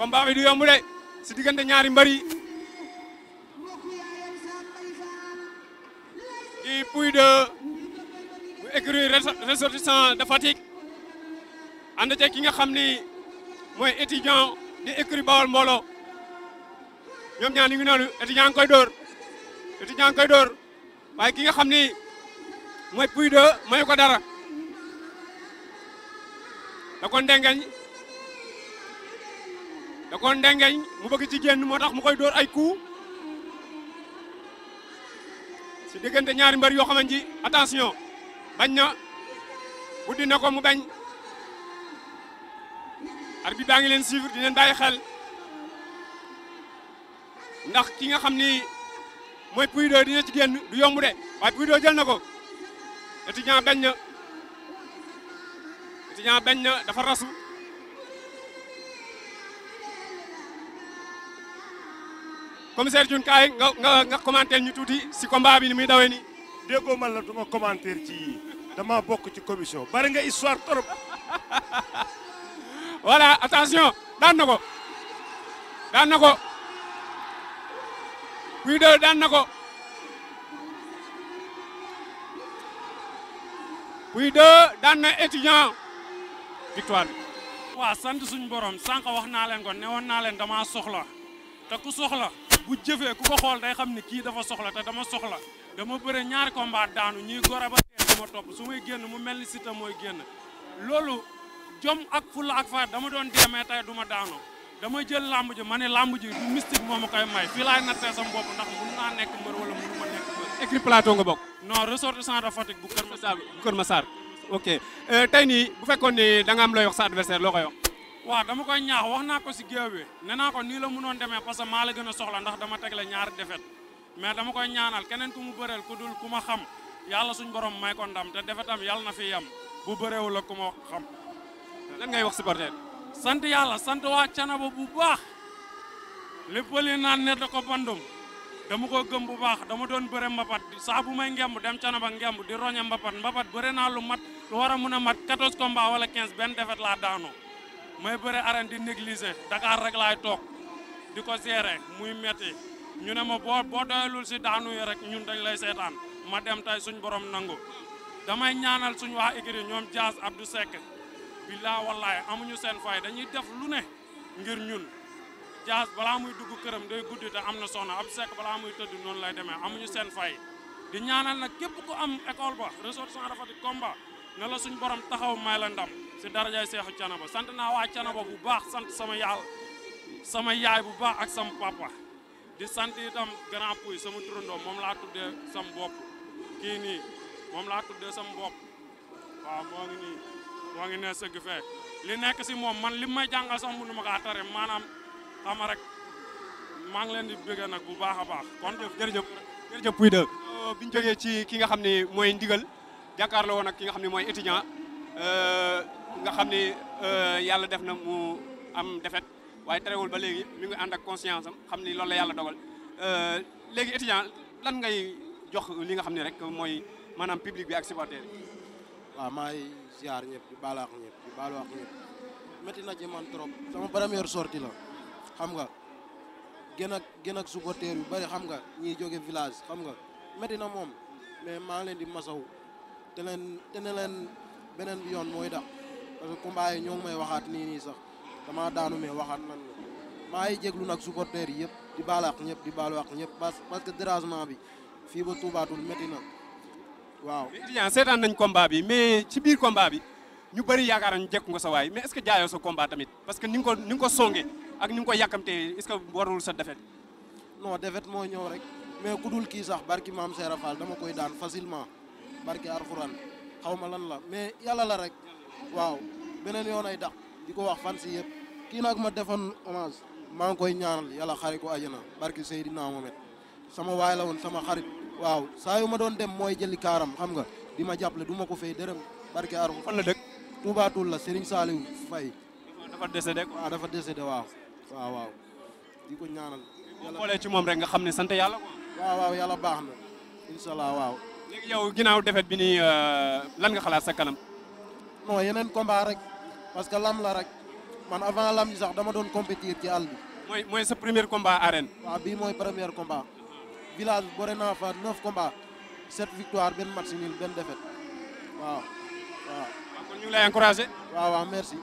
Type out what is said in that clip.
combat bi du yomb de si diggante ñaari mbër yi kii Pouye de bu écurie ressortissant de Fatick ànd ceeg ki nga xam ni mooy étudiant di écurie Bawol mbooloo ñoom ñaar ñu koy dóor étudiant koy dóor waaye ki nga xam ni mooy Pouye de mayu ko dara da ko ndengeñ da ko ndengeñ mu bëgg ci génn moo tax mu koy dóor ay coup si diggante ñaari mbër yoo xamante ni attention bañ na buddi na ko mu bañ arbitre baa ngi leen suivre di leen bàyyi xel ndax ki nga xam ni mooy Pouye 2 dina ci génn du yomb de waaye Pouye 2 jël na ko étudiant bañ na étudiant bañ na dafa rasu commissaire Dioune kaay nga nga nga ñu tuuti si combat bi ni muy dawee nii. déggoo man la du ma commentaire ci yii dama bokk ci commission bari nga histoire trop. voilà attention daan na ko daan na ko Gouye 2 daan na ko Gouye 2 daan na suñu borom sànq wax naa leen ko ne woon naa leen dama soxla. te ku soxla bu jëfee ku ko xool day xam ne kii dafa soxla te dama soxla dama bëre ñaari combat daanu ñuy gor a ba tey a topp su may génn mu mel ni Siteu mooy génn loolu jom ak fulla ak fayda dama doon deemee tey du ma daanu dama jël làmb ji ma ne lamb ji du mystique moo ma koy may fii na nattee boobu bopp ndax mun naa nekk mbër wala mun ma nekk mbër. plateau nga bokk. noo ressortissant de Fatick bu Kër Massar bu Kër Massar ok euh, tey nii bu fekkoon ni da nga am looy wax sa loo koy waaw dama koy ñaax wax naa ko si géew bi ne naa ko nii la mënoon demee parce que maa la gën a soxla ndax dama tegle ñaar defet mais dama koy ñaanal keneen ku mu bëreel ku dul ku ma xam yàlla suñ borom may ko ndam te defetam yàlla na fi yem bu bëreewul ak ku ma xam. lan ngay wax supporter sant yàlla sant waa Canaba bu baax lépp li naan ne da ko bandum dama ko gëm bu baax dama doon bëre mbapat saa bu may ngemb dem Canaba ngemb di roñe mbapat mbapat bëre naa lu mat lu war a mun a mat 14 combats wala 15 benn defet laa daanoo. may bëre arène di négliger Dakar rek laay toog di ko gérer muy metti ñu ne ma boo boo doyalul si daanu yi rek ñun dañ lay seetaan ma dem tey suñ borom nangu damay ñaanal suñ waa Igri ñoom Diaz Abdou Seck billaa wallaay amuñu seen fay dañuy def lu ne ngir ñun Diaz balaa muy dugg këram day guddi te am na soxna Abdou Seck balaa muy tëdd noonu lay demee amuñu seen fay di ñaanal na képp ku am école ba ressortissant rafet combat na la suñ borom taxaw may la ndam si darajay seexu canaba sant naa waa canaba bu baax sant sama yàlla sama yaay bu baax ak sam papa di sant itam grand puy sama turandoo moom laa tuddee sama bopp kii nii moom laa tuddee sama bopp waaw moo ngi nii moo ngi ne sëgg fee li nekk si moom man li may jàngal sax mënu ma kaa tare maanaam xama rek maa ngi leen di bëgg nag bu baax a baax kon jërëjëf jërëjëf Pouye 2 euh, bi ñu jógee ci ki nga xam ne mooy ndigal jàkkaarloo woon ak ki nga xam ne mooy étudiant euh, nga xam ne euh, yàlla def na mu am defet waaye terewul ba léegi mu ngi ànd ak conscience am xam ni loolu la yàlla dogal euh, léegi étudiant lan ngay jox li nga xam ne rek mooy maanaam public bi ak supporter yi. waaw maa ngi ziar ñëpp di baalaax ñëpp di baalaax na ci trop sama première sortie la xam nga gën ak gën ak supporter yu xam nga ñiy jóge village xam nga métti na moom mais maa leen di masaw te leen te leen beneen bi yoon mooy da parce que combat yi ñoo ngi may waxaat nii nii sax dama daanu mais waxaat nan la maa ngi jéglu nag supporters yi yëpp di baal ak ñëpp di baalu ak ñëpp parce que dérangement bi fii ba tuubaatul métti na waaw. mais seetaan nañ bi mais ci biir combat bi ñu bëri yaakaar nañu jekku nga sa waay mais est ce que jaayoo sa combat tamit parce que ni ko ni ko songee ak ni ko yàkkamtee est warul sa défaite. non défaite moo ñëw rek mais ku dul kii sax barki maam Serap Fall dama koy daan facilement. barke alxuraan xaw ma lan la mais yàlla la rek waaw beneen yoon ay dax di ko wax fan si yëpp kii nag ma defoon hommage maa ngi koy ñaanal yàlla xari ko ajana barke naa Mohamed sama waay la woon sama xarit waaw saa yu ma doon dem mooy jëli kaaram xam nga di ma jàppale du ma ko fay dërëm barke alxuraan fan la dëkk Touba Toul la Serigne Saliou Faye dafa décédé waaw ah, dafa décédé waaw waaw waaw di ko ñaanal boo xoolee ci moom rek nga xam ne sant yàlla yàlla baax na waaw léegi yow ginnaaw defet bi nii euh, lan nga xalaat sa kanam. non yeneen combat rek parce que lam la rek man avant lam ji sax dama doon compétir ci àll mooy mooy première premier combat arène. waaw bii mooy premier combat. village bi boore naa fa neuf combats sept victoire benn match nul benn défaite waaw waaw waaw merci.